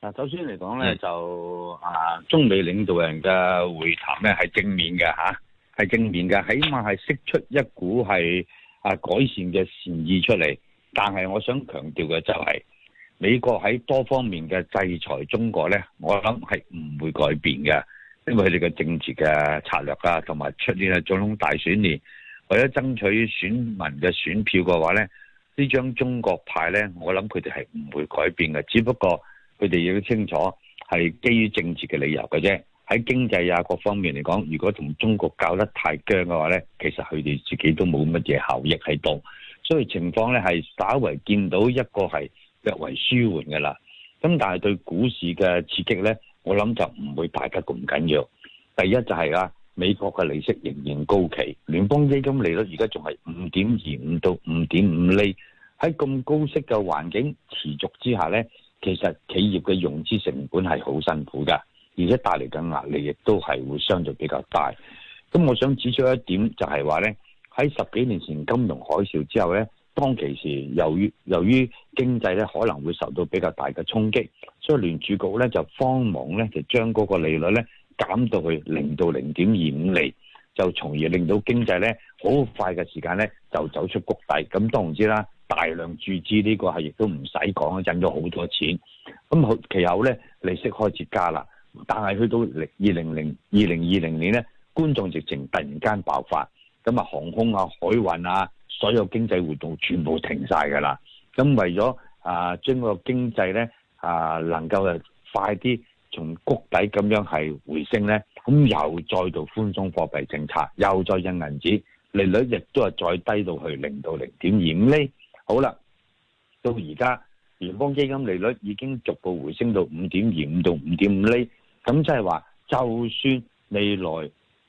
嗱，首先嚟講咧，就啊，中美領導人嘅會談咧係正面嘅吓，係、啊、正面嘅，起碼係釋出一股係啊改善嘅善意出嚟。但係我想強調嘅就係、是，美國喺多方面嘅制裁中國咧，我諗係唔會改變嘅，因為佢哋嘅政治嘅策略啊，同埋出現嘅總統大選年，為咗爭取選民嘅選票嘅話咧，呢張中國牌咧，我諗佢哋係唔會改變嘅，只不過。佢哋亦都清楚係基於政治嘅理由嘅啫。喺經濟啊各方面嚟講，如果同中國搞得太僵嘅話咧，其實佢哋自己都冇乜嘢效益喺度，所以情況咧係稍為見到一個係略為舒緩嘅啦。咁但係對股市嘅刺激咧，我諗就唔會大得咁緊要。第一就係啊，美國嘅利息仍然高企，聯邦基金利率而家仲係五點二五到五點五厘，喺咁高息嘅環境持續之下咧。其實企業嘅融資成本係好辛苦㗎，而且帶嚟嘅壓力亦都係會相對比較大。咁我想指出一點就係話呢，喺十幾年前金融海嘯之後呢，當其時由於由於經濟呢可能會受到比較大嘅衝擊，所以聯儲局呢就慌忙呢就將嗰個利率呢減到去零到零點二五釐，就從而令到經濟呢好快嘅時間呢就走出谷底。咁當然知啦。大量注資呢個係亦都唔使講，印咗好多錢。咁、嗯、其後呢，利息開始加啦。但係去到零二零零二零二零年呢，冠狀疫情突然間爆發，咁、嗯、啊航空啊、海運啊，所有經濟活動全部停晒㗎啦。咁、嗯、為咗啊、呃，將個經濟呢，啊、呃、能夠啊快啲從谷底咁樣係回升呢，咁、嗯、又再度寬鬆貨幣政策，又再印銀紙，利率亦都係再低到去零到零點二五呢。好啦，到而家聯邦基金利率已經逐步回升到五點二五到五點五厘，咁即係話，就算未來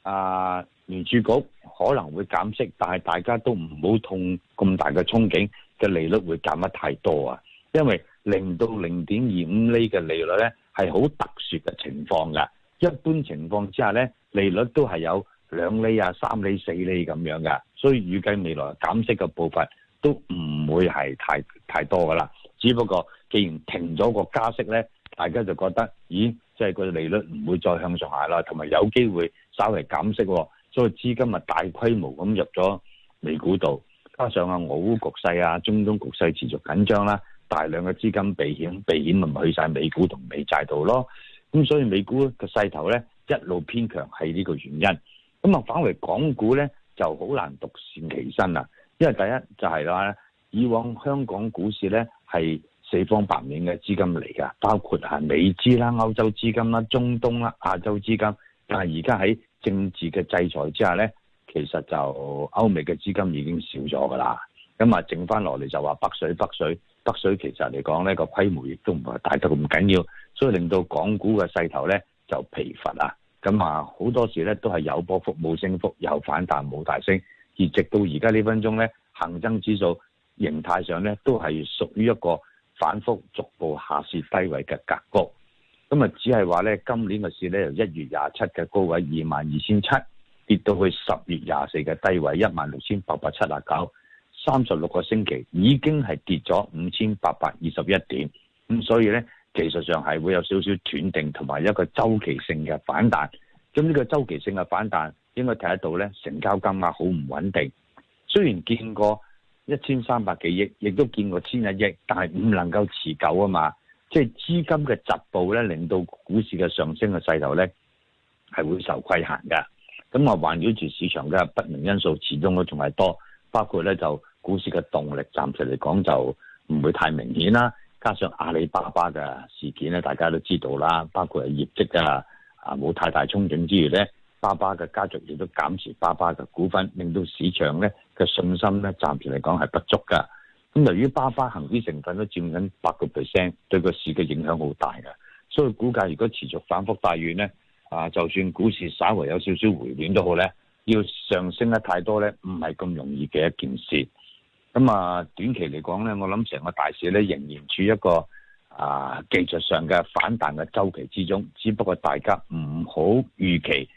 啊聯儲局可能會減息，但係大家都唔好痛咁大嘅憧憬嘅利率會減得太多啊，因為零到零點二五厘嘅利率呢係好特殊嘅情況㗎。一般情況之下呢，利率都係有兩厘啊、三厘、四厘咁樣㗎，所以預計未來減息嘅步伐，都唔會係太太多噶啦，只不過既然停咗個加息咧，大家就覺得，咦，即係個利率唔會再向上行啦，同埋有機會稍微減息，所以資金咪大規模咁入咗美股度，加上啊俄烏局勢啊、中東局勢持續緊張啦，大量嘅資金避險，避險咪去晒美股同美債度咯，咁所以美股個勢頭咧一路偏強係呢個原因，咁啊返回港股咧就好難獨善其身啦。因為第一就係啦，以往香港股市咧係四方八面嘅資金嚟㗎，包括係美資啦、歐洲資金啦、中東啦、亞洲資金，但係而家喺政治嘅制裁之下咧，其實就歐美嘅資金已經少咗㗎啦。咁啊，剩翻落嚟就話北水北水北水，北水北水其實嚟講咧個規模亦都唔係大得咁緊要，所以令到港股嘅勢頭咧就疲乏啦。咁啊，好多時咧都係有波幅冇升幅，有反彈冇大升。而直到而家呢分鐘咧，恒生指數形態上咧都係屬於一個反覆逐步下跌低位嘅格局。咁啊，只係話咧，今年嘅市咧由一月廿七嘅高位二萬二千七，跌到去十月廿四嘅低位一萬六千八百七十九，三十六個星期已經係跌咗五千八百二十一點。咁所以咧，技術上係會有少少斷定同埋一個周期性嘅反彈。咁呢個周期性嘅反彈。應該睇得到咧，成交金額好唔穩定。雖然見過一千三百幾億，亦都見過千一億，但係唔能夠持久啊嘛。即係資金嘅疾步，咧，令到股市嘅上升嘅勢頭咧係會受規限㗎。咁、嗯、啊，環繞住市場嘅不明因素，始終都仲係多。包括咧就股市嘅動力，暫時嚟講就唔會太明顯啦。加上阿里巴巴嘅事件咧，大家都知道啦。包括係業績啊，啊冇太大憧憬之餘咧。巴巴嘅家族亦都減持巴巴嘅股份，令到市場咧嘅信心咧暫時嚟講係不足噶。咁由於巴巴恆指成分都佔緊八個 percent，對個市嘅影響好大噶。所以股價如果持續反复發軟咧，啊就算股市稍微有少少回暖都好咧，要上升得太多咧，唔係咁容易嘅一件事。咁啊短期嚟講咧，我諗成個大市咧仍然處於一個啊技術上嘅反彈嘅周期之中，只不過大家唔好預期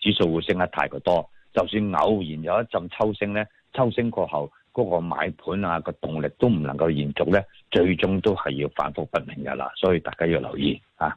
指數會升得太過多，就算偶然有一陣抽升呢，抽升過後嗰個買盤啊個動力都唔能夠延續呢，最終都係要反覆不明嘅啦，所以大家要留意嚇。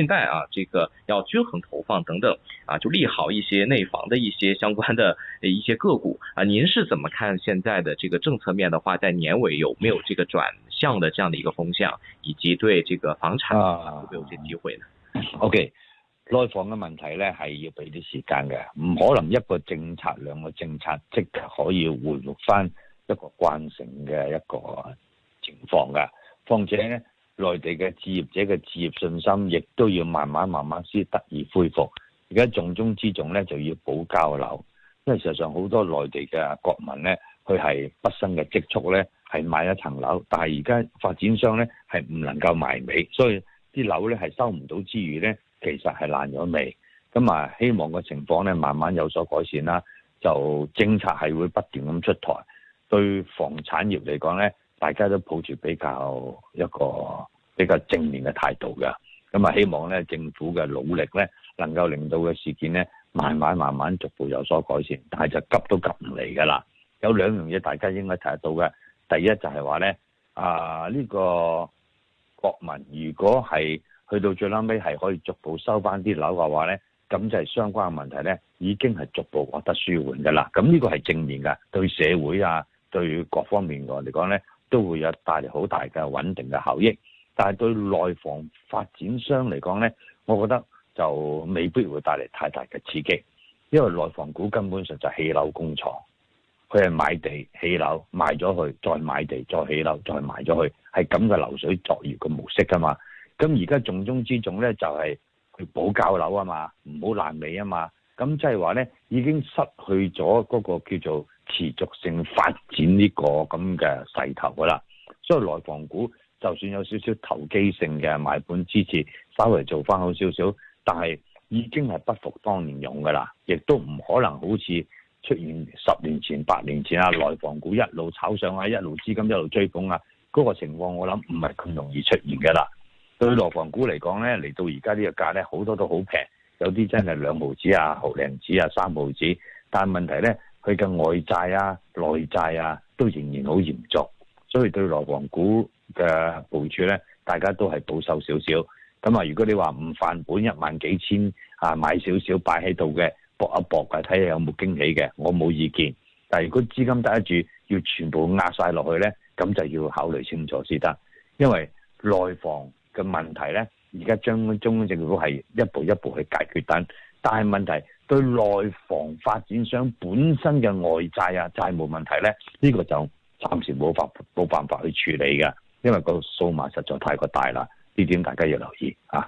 現在啊，這個要均衡投放等等啊，就利好一些內房的一些相關的一些個股啊。您是怎麼看現在的這個政策面的話，在年尾有沒有這個轉向的這樣的一個風向，以及對這個房產有沒有些機會呢？啊，OK，內房嘅問題呢係要俾啲時間嘅，唔可能一個政策兩個政策即可以恢復翻一個慣性嘅一個情況噶，況且呢內地嘅置業者嘅置業信心，亦都要慢慢慢慢先得以恢復。而家重中之重咧，就要保交樓，因為實上，好多內地嘅國民咧，佢係畢生嘅積蓄咧，係買一層樓，但係而家發展商咧係唔能夠埋尾，所以啲樓咧係收唔到之餘咧，其實係爛咗尾。咁啊，希望個情況咧，慢慢有所改善啦。就政策係會不斷咁出台，對房產業嚟講咧。大家都抱住比較一個比較正面嘅態度嘅。咁啊，希望咧政府嘅努力咧，能夠令到個事件咧，慢慢慢慢逐步有所改善，但係就急都急唔嚟㗎啦。有兩樣嘢大家應該睇得到嘅，第一就係話咧，啊呢個國民如果係去到最撚尾係可以逐步收翻啲樓嘅話咧，咁就係相關嘅問題咧已經係逐步獲得舒緩㗎啦。咁呢個係正面㗎，對社會啊對各方面我嚟講咧。都會有帶嚟好大嘅穩定嘅效益，但係對內房發展商嚟講呢，我覺得就未必會帶嚟太大嘅刺激，因為內房股根本上就係起樓工廠，佢係買地起樓賣咗去，再買地再起樓再賣咗去，係咁嘅流水作業嘅模式㗎嘛。咁而家重中之重呢，就係佢保交樓啊嘛，唔好爛尾啊嘛。咁即係話咧，已經失去咗嗰個叫做持續性發展呢個咁嘅勢頭噶啦，所以內房股就算有少少投機性嘅買盤支持，稍微做翻好少少，但係已經係不復當年勇噶啦，亦都唔可能好似出現十年前、八年前啊內房股一路炒上去啊，一路資金一路追捧啊嗰個情況，我諗唔係咁容易出現噶啦。對內房股嚟講咧，嚟到而家呢個價咧，好多都好平。有啲真係兩毫紙啊、毫零紙啊、三毫紙，但係問題咧，佢嘅外債啊、內債啊都仍然好嚴重，所以對內房股嘅部署呢，大家都係保守少少。咁啊，如果你話唔犯本，一萬幾千啊買少少擺喺度嘅，搏一搏嘅，睇下有冇驚喜嘅，我冇意見。但係如果資金揸得住，要全部壓晒落去呢，咁就要考慮清楚先得，因為內房嘅問題呢。而家將中央政府係一步一步去解決緊，但係問題對內房發展商本身嘅外債啊、債務問題呢，呢、呢個就暫時冇法冇辦法去處理嘅，因為個數碼實在太過大啦。呢點大家要留意啊！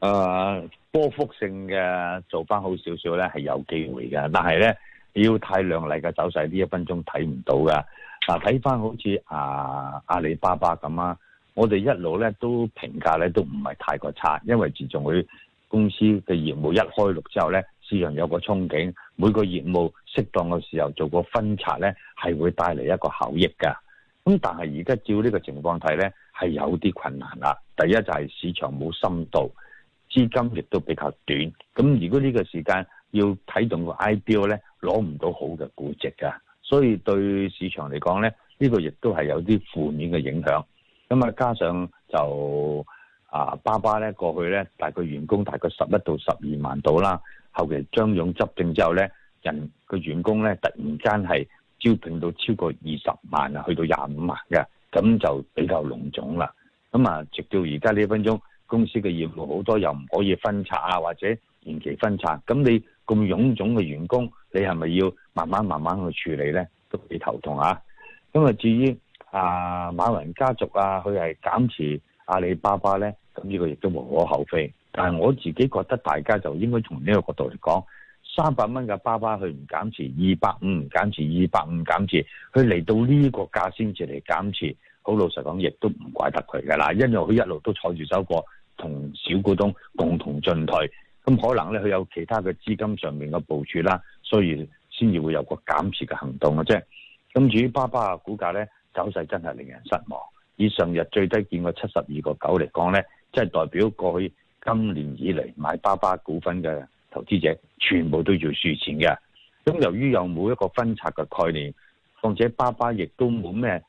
誒、呃，波幅性嘅做翻好少少咧，係有機會嘅。但係咧，要太亮麗嘅走勢，呢一分鐘睇唔到噶。嗱、啊，睇翻好似啊阿里巴巴咁啊，我哋一路咧都評價咧都唔係太過差，因為自從佢公司嘅業務一開錄之後咧，市場有個憧憬，每個業務適當嘅時候做個分拆咧，係會帶嚟一個效益噶。咁、嗯、但係而家照呢個情況睇咧，係有啲困難啦。第一就係市場冇深度。資金亦都比較短，咁如果呢個時間要啟動個 IPO 咧，攞唔到好嘅估值㗎，所以對市場嚟講咧，呢個亦都係有啲負面嘅影響。咁啊，加上就啊，巴巴咧過去咧，大概員工大概十一到十二萬到啦，後期張勇執政之後咧，人個員工咧突然間係招聘到超過二十萬啊，去到廿五萬嘅，咁就比較隆重啦。咁啊，直到而家呢分鐘。公司嘅業務好多又唔可以分拆啊，或者延期分拆。咁你咁臃腫嘅員工，你係咪要慢慢慢慢去處理呢？都幾頭痛啊！咁啊，至於啊馬雲家族啊，佢係減持阿里巴巴呢，咁呢個亦都無可厚非。但係我自己覺得，大家就應該從呢個角度嚟講，三百蚊嘅巴巴佢唔減持，二百五唔減持，二百五減持，佢嚟到呢個價先至嚟減持。好老實講，亦都唔怪得佢嘅喇。因為佢一路都坐住收貨，同小股東共同進退。咁可能咧，佢有其他嘅資金上面嘅部署啦，所以先至會有個減持嘅行動嘅啫。咁至於巴巴股價咧，走勢真係令人失望。以上日最低見過七十二個九嚟講咧，即係代表過去今年以嚟買巴巴股份嘅投資者，全部都要輸錢嘅。咁由於有冇一個分拆嘅概念，況且巴巴亦都冇咩。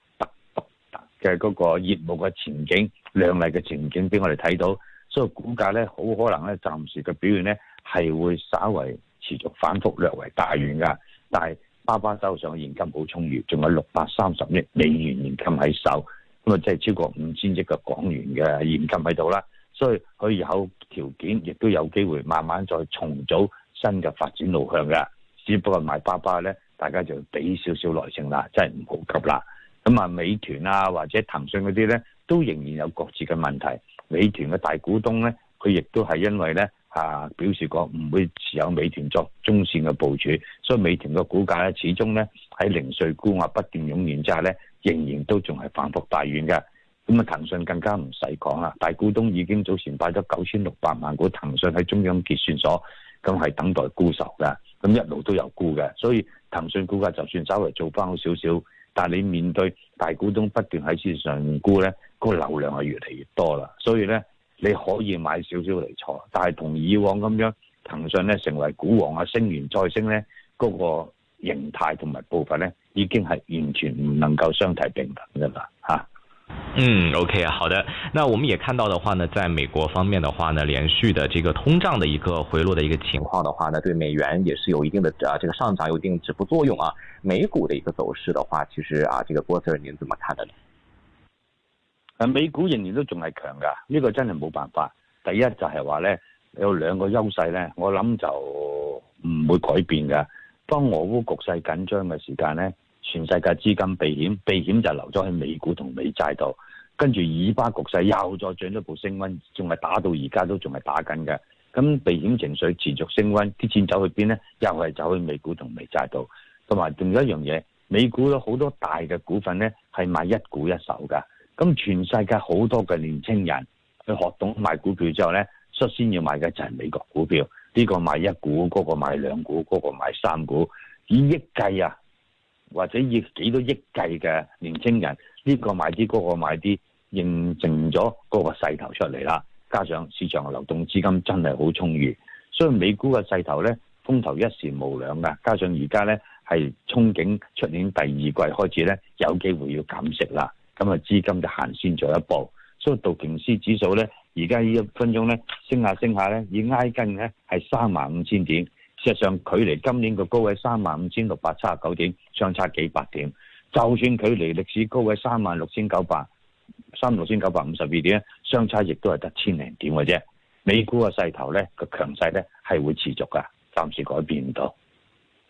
嘅嗰個業務嘅前景亮麗嘅前景俾我哋睇到，所以股價咧，好可能咧，暫時嘅表現咧係會稍為持續反覆略為大元噶，但係巴巴手上嘅現金好充裕，仲有六百三十億美元現金喺手，咁啊即係超過五千億嘅港元嘅現金喺度啦，所以佢有條件亦都有機會慢慢再重組新嘅發展路向噶，只不過買巴巴咧，大家就俾少少耐性啦，真係唔好急啦。咁啊，美團啊或者騰訊嗰啲咧，都仍然有各自嘅問題。美團嘅大股東咧，佢亦都係因為咧啊表示過唔會持有美團作中線嘅部署，所以美團嘅股價咧始終咧喺零碎沽啊不斷湧現之下咧仍然都仲係反覆大院嘅。咁啊，騰訊更加唔使講啦，大股東已經早前擺咗九千六百萬股騰訊喺中央結算所，咁係等待沽售嘅，咁一路都有沽嘅，所以騰訊股價就算稍微做翻好少少。但你面對大股東不斷喺線上沽呢嗰、嗰個流量係越嚟越多啦，所以呢，你可以買少少嚟坐，但係同以往咁樣騰訊成為股王啊升完再升呢嗰、嗰個形態同埋步伐呢，已經係完全唔能夠相提並論嘅啦吓嗯，OK，好的。那我們也看到的話呢，在美國方面的話呢，連續的這個通脹的一個回落的一個情況的話呢，對美元也是有一定的啊這個上漲有一定的止步作用啊。美股的一個走勢的話，其實啊，這個郭 s i 您怎麼看的呢？呃、啊，美股仍然都仲係強噶，呢、這個真係冇辦法。第一就係話咧，有兩個優勢呢，我諗就唔會改變噶。當我烏局勢緊張嘅時間呢全世界資金避險，避險就留咗喺美股同美債度，跟住以巴局勢又再進一步升溫，仲係打到而家都仲係打緊嘅。咁避險情緒持續升溫，啲錢走去邊呢？又係走去美股同美債度，同埋仲有一樣嘢，美股有好多大嘅股份呢，係買一股一手㗎。咁全世界好多嘅年輕人，去學懂買股票之後呢，率先要買嘅就係美國股票。呢個買一股，嗰個買兩股，嗰個買三股，以億計啊！或者以幾多億計嘅年青人，呢、這個買啲，嗰、那個買啲，形成咗嗰個勢頭出嚟啦。加上市場嘅流動資金真係好充裕，所以美股嘅勢頭呢，風頭一時無兩㗎。加上而家呢係憧憬出年第二季開始呢有機會要減息啦。咁啊，資金就行先咗一步，所以道瓊斯指數呢，而家呢一分鐘呢升下升下呢，已經挨近呢係三萬五千點。事實上，距離今年個高位三萬五千六百七十九點，相差幾百點；就算距離歷史高位三萬六千九百、三六千九百五十二點，相差亦都係得千零點嘅啫。美股嘅勢頭咧，個強勢咧係會持續㗎，暫時改變唔到。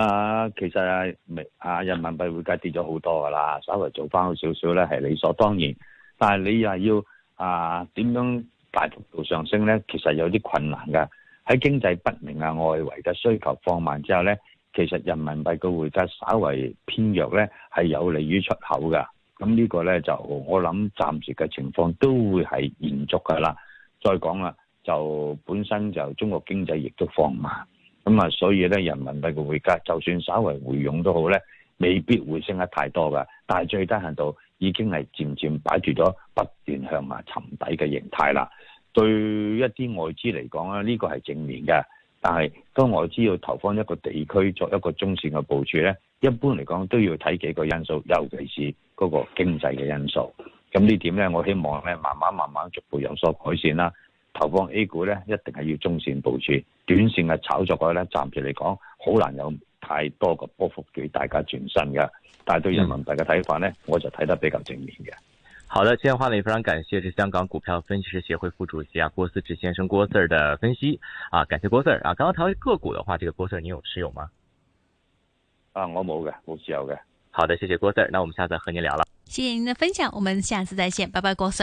啊，其實啊，啊，人民幣匯價跌咗好多㗎啦，稍微做翻好少少咧，係理所當然。但係你又要啊，點樣大幅度上升咧？其實有啲困難㗎。喺經濟不明啊、外圍嘅需求放慢之後咧，其實人民幣嘅匯價稍微偏弱咧，係有利於出口㗎。咁呢個咧就我諗，暫時嘅情況都會係延續㗎啦。再講啦，就本身就中國經濟亦都放慢。咁啊，所以咧人民幣嘅匯價，就算稍為回勇都好咧，未必會升得太多㗎。但係最低限度已經係漸漸擺住咗，不斷向下沉底嘅形態啦。對一啲外資嚟講咧，呢個係正面嘅。但係當外資要投放一個地區作一個中線嘅部署咧，一般嚟講都要睇幾個因素，尤其是嗰個經濟嘅因素。咁呢點咧，我希望咧慢慢慢慢逐步有所改善啦。投放 A 股呢，一定係要中線部署，短線嘅炒作嘅呢，暫時嚟講好難有太多嘅波幅俾大家轉身嘅。但係對人民幣嘅睇法呢，嗯、我就睇得比較正面嘅。好的，現在話呢，非常感謝是香港股票分析師協會副主席啊，郭思治先生郭 Sir 的分析啊，感謝郭 Sir 啊。剛剛談完個股的話，這個郭 Sir 你有持有嗎？啊，我冇嘅，冇持有嘅。好的，謝謝郭 Sir，那我們下次和你聊了。謝謝您的分享，我們下次再見，拜拜，郭 Sir。